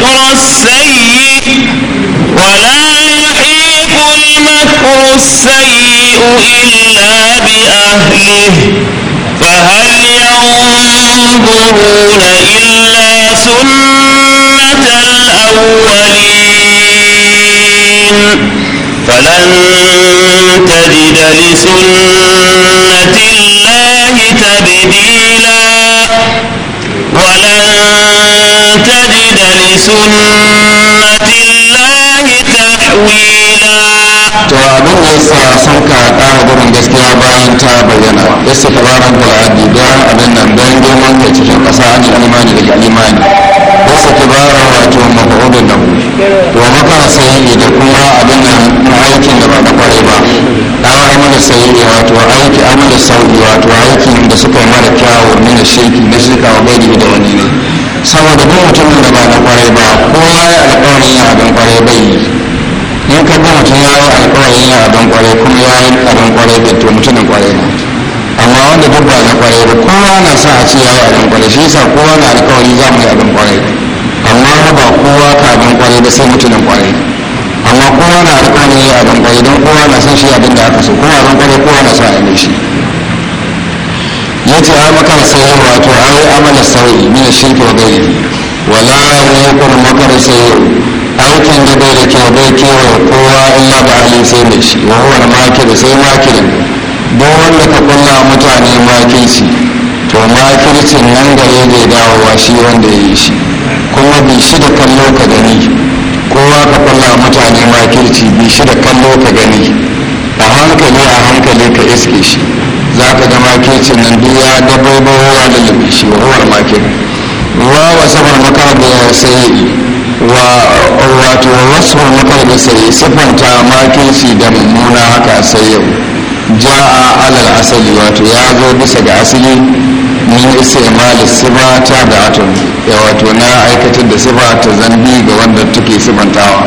ومكر السيء ولا يحيط sayi السيء إلا بأهله فهل ينظرون إلا سنة الأولين فلن تجد لسنة الله تبديلا ولن تجد لسنة الله تحويلا to abin da yasa sun ka kara gurin gaskiya bayan ta bayyana ya su tabaran qur'ani da abin nan don girman da cikin kasa an yi imani da imani ya su tabaran wato mabu'udun da to maka sayi da kuma abin nan aikin da ba na kware ba da amala sayi wato aiki amala saudi wato aikin da suka yi mara kyawu mina shirki na shirka wa bai da wani ne saboda duk mutumin da ba na kware ba kowa ya alƙawarin ya abin kware bai yi. in ka ga mutum ya yi alkawarin yin abin kwarai kuma ya yi abin kwarai da to mutumin kwarai ne amma wanda duk ba na kwarai ba kowa na sa a ce ya yi abin kwarai shi yasa kowa na alkawari za mu yi abin kwarai amma ba kowa ka abin kwarai ba sai mutumin kwarai amma kowa na alkawarin yin abin kwarai don kowa na san shi abin da aka so kowa abin kwarai kowa na sa a yi shi ya ce a makar sayi wato a yi amalar sauyi min shirki wa gairi wala ya yi kuma makar sayi aikin da bai da kyau bai kewa kowa ya ba ali sai da shi wa huwa da sai makirin don wanda ka kulla mutane makirci to makircin nan gare bai dawowa shi wanda ya yi shi kuma bi shi da kallo ka gani kowa ka kulla mutane makirci bi shi da kallo ka gani a hankali a hankali ka iske shi za ka ga makircin nan duk ya dabaibawa da lubi shi wa huwa makir ruwa wasu farmaka da ya sayi wa wato wasu makar sai siffanta shi da mummuna haka sai yau a alal asali wato ya zo bisa ga asali min istimali siffa ta atom ya wato na aikatar da siffa ta zambi ga wanda take siffantawa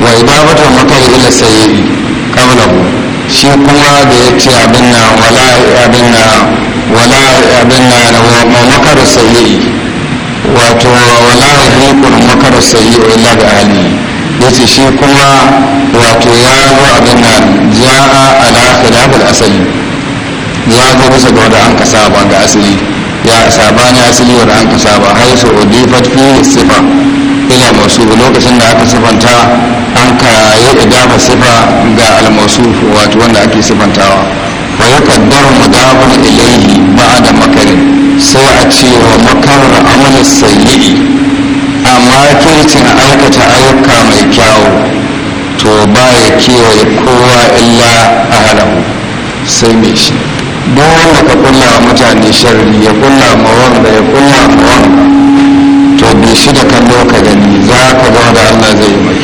wa wata makar ila sai qablahu shi kuma da ya ce abin na wala abin na wala abin na wa makar sayyi wato wala yuhiqul makara sayyi'u illa bi ali yace shi kuma wato ya zo abin nan ja'a ala al asali ya zo bisa ga wanda an kasaba ga asali ya sabani asali wanda an kasaba haisu udifat fi sifa ila mausuf lokacin da aka sifanta an ka yi idafa sifa ga al-mausuf wato wanda ake sifantawa ويقدر مضاف إليه بعد مكر سيأتي ومكر العمل السيء أما كرتن أيكة أيكة ميكاو توبا يكيو يكوى إلا أهله سيميش don wanda ka kulla mutane sharri ya kulla ma wanda ya kulla ma wanda to bi shi da kallo ka gani za ka ga da Allah zai mai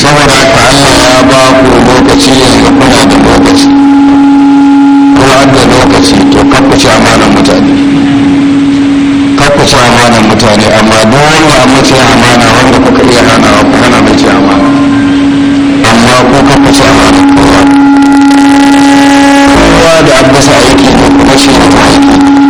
saboda haka ya baku ku lokaci yanzu kuna da lokaci an da lokaci to kakkuce amanar mutane kakkuce amanar mutane amma a mace amana wanda kuka iya hana wa ku hana mace amana amma ku kakkuce amanar kowa kowa da abbasa aiki ne kuma shi ne aiki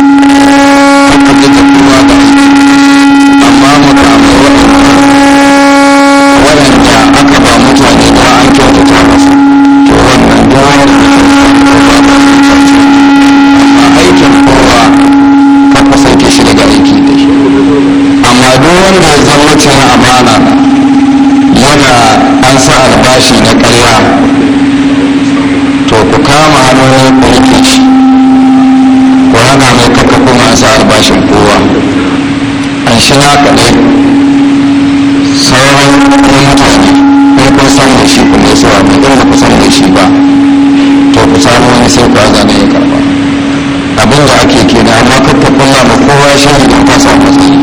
naka ne sauran mutane ko kun san samu shi ku mai sawa mai irin ku samu shi ba to ku samu wani sai ku haza ne ya karba abin da ake ke da amma kan tabbata ma kowa shi ne da ka samu matsayi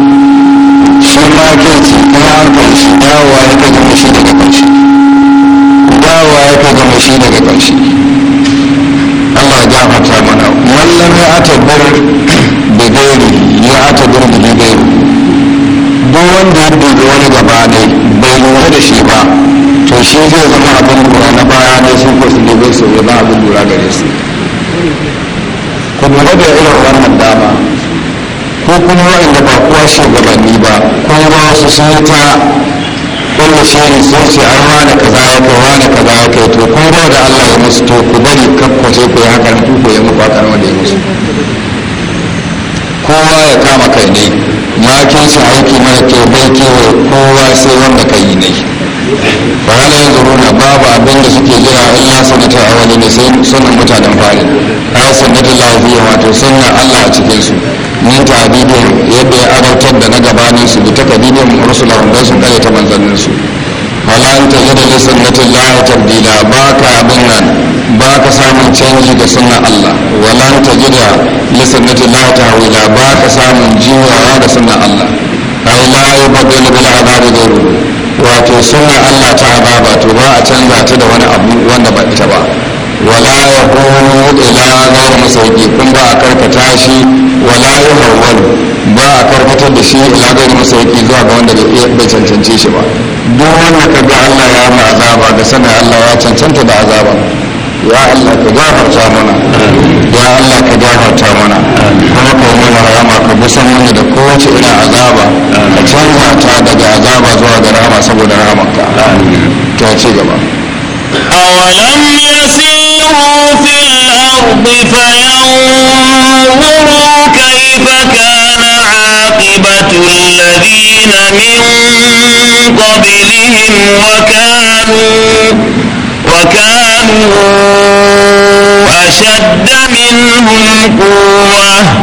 shi ma ke ce kuma an kai shi dawowa ya kai gama shi daga ƙarshe dawowa ya kai gama shi daga ƙarshe Allah ya gafarta mana wallan ya ata da gairi ya ata da gairi duk wanda ya dubi wani gaba ne bai lura da shi ba to shi zai zama abin lura na baya ne sun ko su dubi su ba abin lura gare su ku lura da irin wannan dama ko kuma wa'anda ba kuwa shugabanni ba ko ba wasu sun ta wanda shi ne sun ce an rana kaza ya kai rana kaza ya kai to kun da Allah ya musu to ku bari kakkwashe ku ya hakan ku ko ya muku hakan wanda ya musu kowa ya kama kai ne makin su aiki mara kyau bai kewa kowa sai wanda ka yi ne ba ya yanzu na babu abin da suke jira in ya sanata a wani ne sai sunan mutanen fari ai sanata lafiya wato sannan allah a cikinsu min ta'abidin yadda ya abartar da na gabanin su bi takadidin rusulahum don su kare ta manzannin su wala an tajida li sunnati llahi tabdila ba ka abin nan ba ka samun canji da sunnar Allah wala an tajida li sunnati llahi tahwila ba ka samun jiwawa da sunnar Allah ai la yubaddalu bil azabi ghayru wato sunnar Allah ta ba to ba a canza ta da wani abu wanda ba ita ba wala ya kuma ila gawar masauki kun ba a karkata shi wala ya hawar ba a karkatar da shi ila gawar masauki zuwa ga wanda bai cancance shi ba duk wanda ka ga allah ya ma azaba da sanar allah ya cancanta da azaba ya allah ka gafarta mana ya allah ka gafarta mana kuma ka yi mana rama ka busan mana da kowace irin azaba ka canza ta daga azaba zuwa ga rama saboda ramarka الأرض فينظروا كيف كان عاقبة الذين من قبلهم وكانوا وكانوا أشد منهم قوة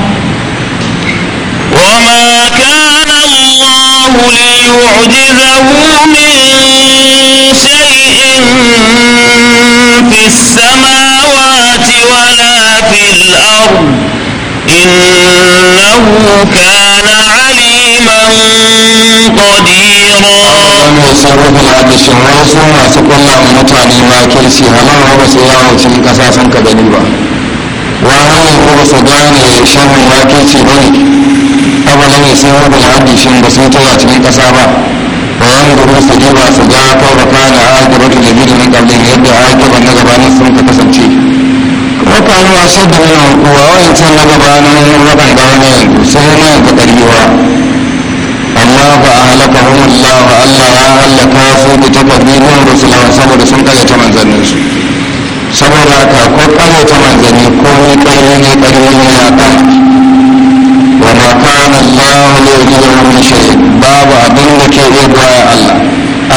وما كان الله ليعجزه من شيء في السماوات ولا في الأرض إنه كان عليما قديرا wahala ko ba su gane shahin wakilci ba ne abalai sai wani hadi shi ba sun tura cikin ƙasa ba وينظروا su duba su ga kawai aiki akibar da biyu na kablin yadda aiki akibar na gabanin sun ka kasance wakanu wasu da na kuwa wayan can na gabanin rabar da wani yanzu sai na yanzu karewa amma ba a halaka hun allah allah ya halaka su da takardi nun rusulawa saboda sun karyata manzannin su saboda haka ko ta manzanni ko ni karye ne karye ne ya kan wama kana Allah ne ya yi wani shi babu abin ke iya baya Allah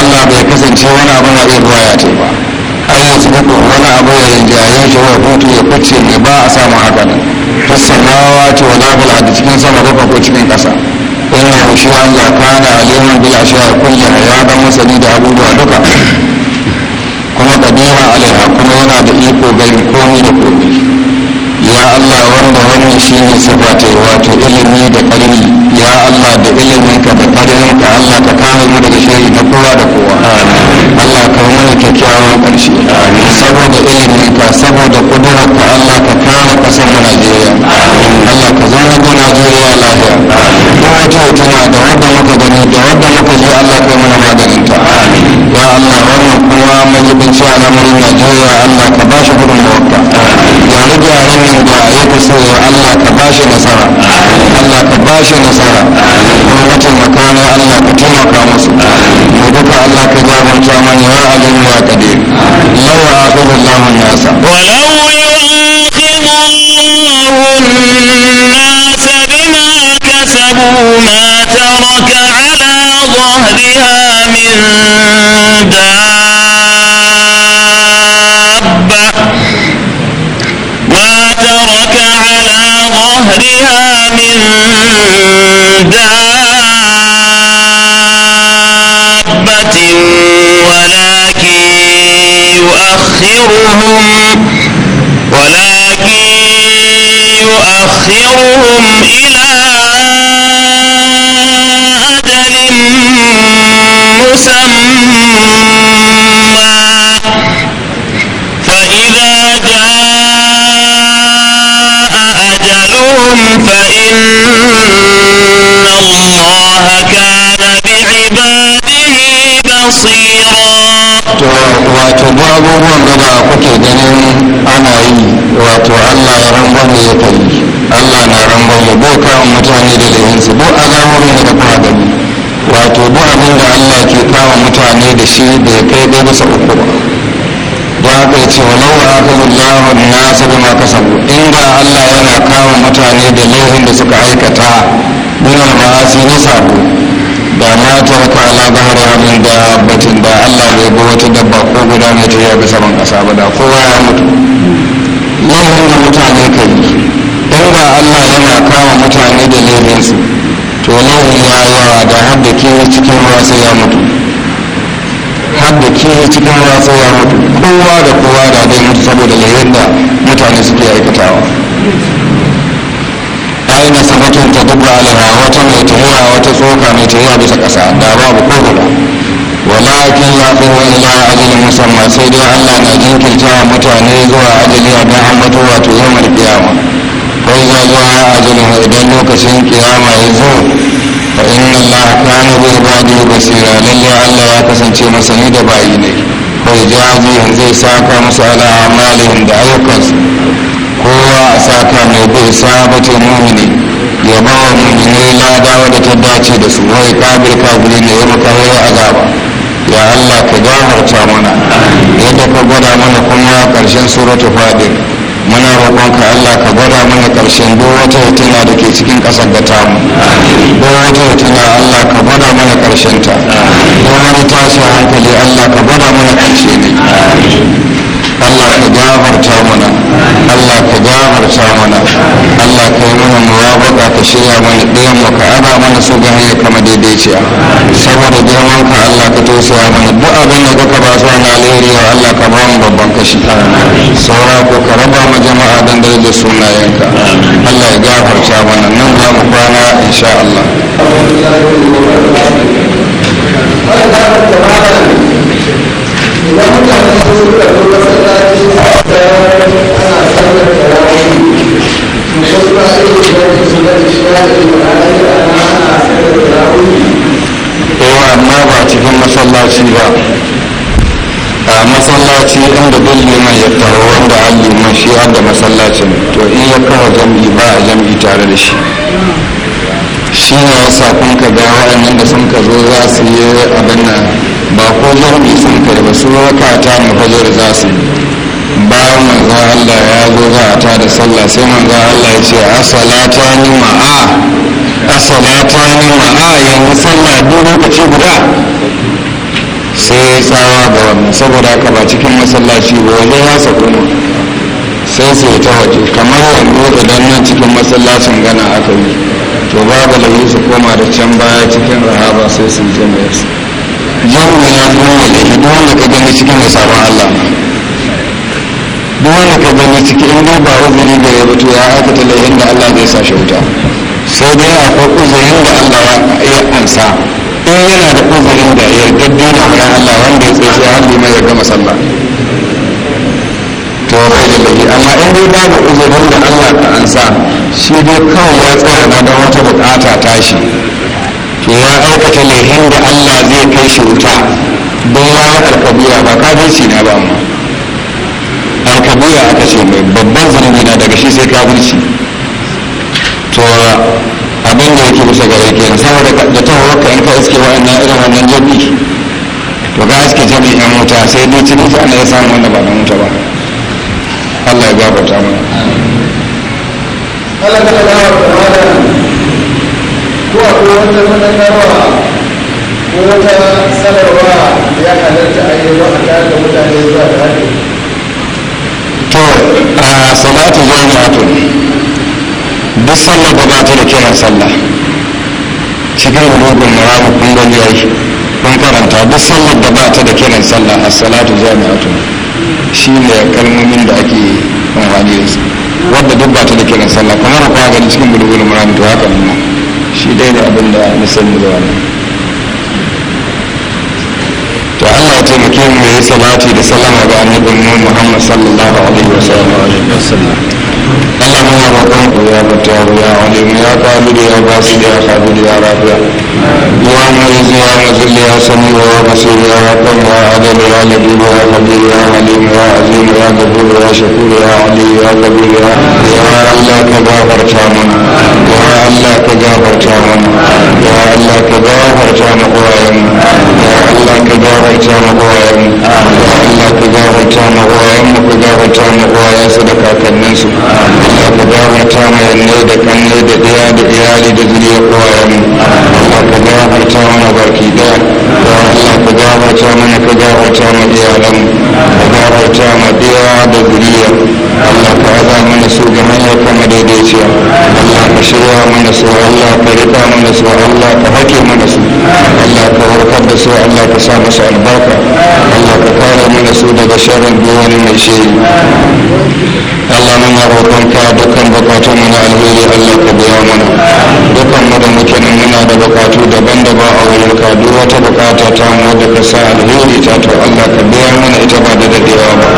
Allah bai kasance wani abu na iya baya ce ba har yanzu ga ko wani ya yin jayayen shi wa hutu ya kwace ne ba a samu haka ne ta sanawa ce wa cikin sama da ko cikin kasa yana da shi an ya kana aliyun bil ashiya kulli ya da musali da abubuwa duka kuma kadira alaiha kuma yana da iko gari komai da komai ubangiji sirra ta wato ilimi da karni ya Allah da ilimin ka da karnin ka Allah ka kare mu daga shiri na kowa da kowa Allah ka mana kyakkyawan karshe saboda ilimin ka saboda kudurar ka Allah ka kare kasar mu Najeriya Allah ka zama da Najeriya lafiya duk wata hotuna da wanda muka gani da wanda muka ji Allah ka mana maganin ta ya Allah wannan kowa mai binci al'amarin Najeriya Allah ka ba shi gudunmawarka yaran nan da yake so Allah ka bashi nasara Allah ka bashi nasara kuma mutum makana Allah ka taimaka musu mu duka Allah ka jagorta mana ya alim wa kadir law akhadha Allah nasa walau yunqidhu الناس بما كسبوا ما ترك على ظهرها من ويؤخرهم إلى أجل مسمى فإذا جاء أجلهم فإن الله كان بعباده بصيرا wato abubuwan da ba kuke ganin ana yi wato allah ya rangwame ya kai taron gwamna bo kawo mutane da laifinsu bo azamomin da kuma gani wato bo abin da allah ke kawo mutane da shi da ya kai bai bisa uku ba Da aka ce walau wa aka lullahu na bi ma In inda allah yana kawo mutane da laifin da suka aikata nuna su yi sabu da na ta raka ala bahari da batun da allah bai bi wata dabba ko guda mai tafiya bisa ban kasa ba da kowa ya mutu laifin da mutane kai ko ba Allah yana kama mutane da laifinsu to nau'in ya yawa da har da ke cikin ruwa sai ya mutu har da ke cikin ruwa sai ya mutu kowa da kowa da dai mutu saboda laifin da mutane suke aikatawa aina sabatun ta dubra alaha wata mai tahiya wata tsoka mai tahiya bisa ƙasa da babu ko guda walakin ya wani ila ajiyar musamman sai dai allah na jinkirta mutane zuwa ajali a an mutuwa wato yamar kiyama bayyana a jirgin idan lokacin kiyama ya zo fa inna Allah kana bi ibadi basira lalle Allah ya kasance masani da bayi ne ko jazi zai saka musu ala amalihim da ayyukan kowa a saka mai bi sabata mu'mini ya ba wa mu'mini da wadda ta dace da su wai kabir kabiri ne ya muka wai azaba ya Allah ka jamurta mana yadda ka gwada mana kuma karshen suratul fatir muna roƙonka Allah ka gwada mana ƙarshen duk wata hotuna da ke cikin ƙasar da tamu duk wata hotuna Allah ka gwada mana ƙarshen ta duk wani tashin hankali Allah ka gwada mana ƙarshe ne Allah ka gafarta mana Allah ka gafarta mana Allah ka yi mana murabaka ka shirya mana ɗayan mu ka ada mana su ga hanyar kama daidaiciya saboda girman ka Allah ka tosa mana duk abin da ka ba su wani alheri Allah ka ba mu babban shi saura ko ka raba ma jama'a dangane da sunayenka Allah ya gafarta mana nan za mu kwana insha Allah eh, amma ba cikin masallaci ba a masallaci inda duk liman ya taro wanda an liman shi da masallacin to in ya kawo jam'i ba a jam'i tare da shi shi ne sa kun ka ga waɗannan da sun ka zo za su yi abin nan ba ko jam'i sun ka da su raka ta mu fajar za su yi bayan manzo Allah ya zo za a da sallah sai manzo Allah ya ce asalata ni ma'a asalata ni ma'a yanzu sallah duk lokaci guda sai ya tsawa ga wannan saboda haka ba cikin masallaci ba waje hasa kuma sai sai ta waje kamar wando idan nan cikin masallacin gana aka yi to babu lauri su koma da can baya cikin rahaba sai sun je mai yasa ne ya kuma waje duk wanda ka gani cikin da sabon allah duk wanda ka gani cikin in ba uzuri da ya rutu ya aikata laifin da allah zai sa shi wuta sai dai akwai uzurin da allah ya ansa in yana da uzurin da yardadde na bayan Allah wanda ya tsaye har lima ya gama sallah to bai da laifi amma in dai babu uzurin da Allah ka ansa shi dai kawai ya tsaya na don wata bukata tashi to ya aikata laifin da Allah zai kai shi wuta don ya yi alkabiya ba shi na ba mu alkabiya aka ce mai babban zunubi na daga shi sai ka wuce. to yake bisa gare na saboda da ta hawa in ka iske wa'annan irin wannan jami to ga iske jami jami'in mota sai dai cikin su ana ya samu wanda ba na mota ba Allah ya gafarta mana Allah ta wa ta wata ko a akwai wata ta madangarwa ko wata sanarwa ya halatta a yi wata da mutane zuwa da hajji to a salatu jami'atun duk sallar ba ta da kiran sallah cikin rubin maramu kun gani ya yi kun karanta duk sallar da ba ta da kiran sallah a salatu jami'atun shi ne kalmomin da ake amfani da su wadda duk ba ta da kiran sallah kamar kwa gani cikin bulbulin maramu to haka nuna shi dai da abin da na sani da wani to Allah ya taimake mu yi salati da salama ga annabin Muhammad sallallahu alaihi wa sallam مریض مزلیا سنی ہوا وسیبہ ادب ہوا لگیبا قبول علی میرا عزیبا گبور ہے شکوا علی گیا کبھی Allah ka gafarta mana ya Allah ka gafarta mu uwayen ya Allah ka gafarta mu uwayen ya Allah ka gafarta mu uwayen mu ka gafarta mu uwayen su da kakannin su Allah ka gafarta mu yanne da kanne da daya da iyali da zuriyar uwayen Allah ka gafarta mana baki daya ya Allah ka gafarta mana ka gafarta mu iyalan ka gafarta mu daya da zuriya Allah ka haza mana su ga hanyar kuma daidaiciya Allah ka shirya mana su Allah ka rika mana su Allah ka hake mana su Allah ka warkar da su Allah ka sa musu albarka Allah ka kare mana su daga sharrin duwani mai shiri Allah muna ka dukkan bukatun mu na alheri Allah ka biya mana dukkan mu da muke nan muna da bukatu daban-daban a wurinka duk wata bukata ta mu wadda ka sa alheri ta to Allah ka biya mana ita ba da dadewa ba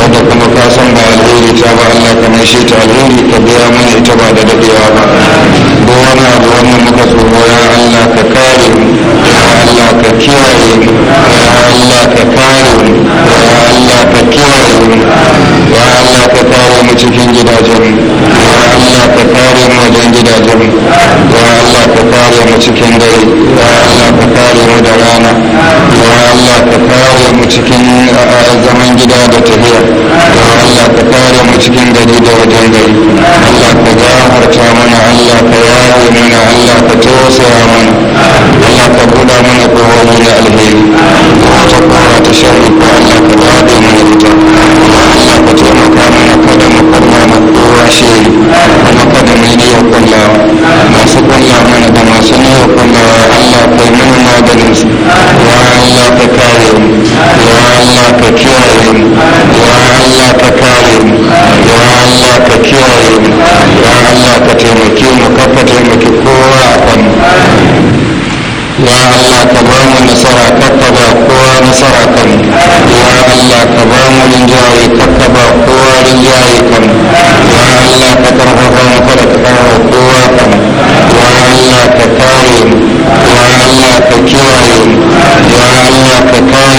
wadda kuma ka san ba alheri alheri ta ba Allah ka maishe ta alheri ka biya mana ita ba da dadewa ba don wani abu wannan muka tsoro ya Allah ka kare mu अल्लाह के किए हुए अल्लाह के पाए हुए अल्लाह के किए हुए अल्लाह के पारों में चिकिन गिरा जमी अल्लाह के पारों में जन गिरा जमी अल्लाह के पारों में चिकिन गई अल्लाह के पारों में डराना अल्लाह के पारों में चिकिन जमीन गिरा दो चाहिए अल्लाह के पारों में चिकिन गई दो जन गई अल्लाह के गाहर था मना अल्लाह के याद मना अल्लाह के जोश मना تبودا من قوة من الهيم وتبودا تشارك الله كباب من الهيم الله كتبك من قدم قدم قوة شيء من قدم إليه كلها ما سكنا من دم سنيه كلها الله كيمن ما جنس يا الله ككارم يا الله ككيارم يا الله ككارم يا الله ككيارم يا الله كتمكي مكفتمك قوة أقم ya Allah ka ba mu nasara kakka ba kowa nasara kan ya Allah ka ba mu rinjaye kakka ba kowa rinjaye kan ya Allah ka karfafa mu kada ka karfafa kowa kan ya Allah ka kare mu ya Allah ka kiyaye mu ya Allah ka kare